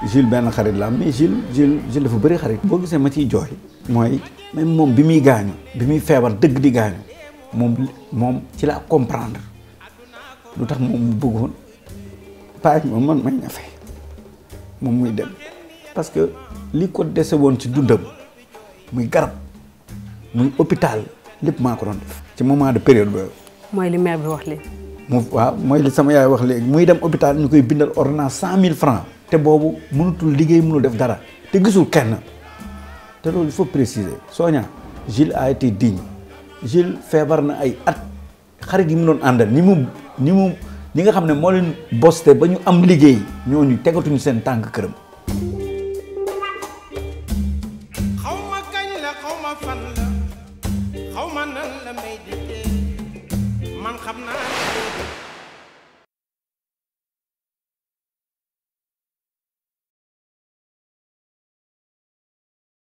Jules benn xarit la am mais Jules Jules dafa bëri xarit boo gisee ma ciy jooy mooy même moom bi muy gaañu bi muy feebar dëgg di gaañu moom moom ci laa comprendre lu tax moom mu bëggoon paaj moom man may ñafe moom muy dem parce que li ko dese woon ci dundam muy garab muy hôpital lépp maa ko doon def ci moment de période boobu mooy li maire bi wax léegi mu waaw mooy li sama yaay wax léegi muy dem hôpital ñu koy bindal ordonnance cent mille francs te boobu mënatul liggéey mënul def dara te gisul kenn te loolu il faut préciser Sonia Gilles a digne Gilles feebar na ay at xarit yi mu doon àndal ni mu ni mu ñi nga xam ne moo leen boste ba ñu am liggéey ñooñu tegatuñu seen tànk këram. man xam naa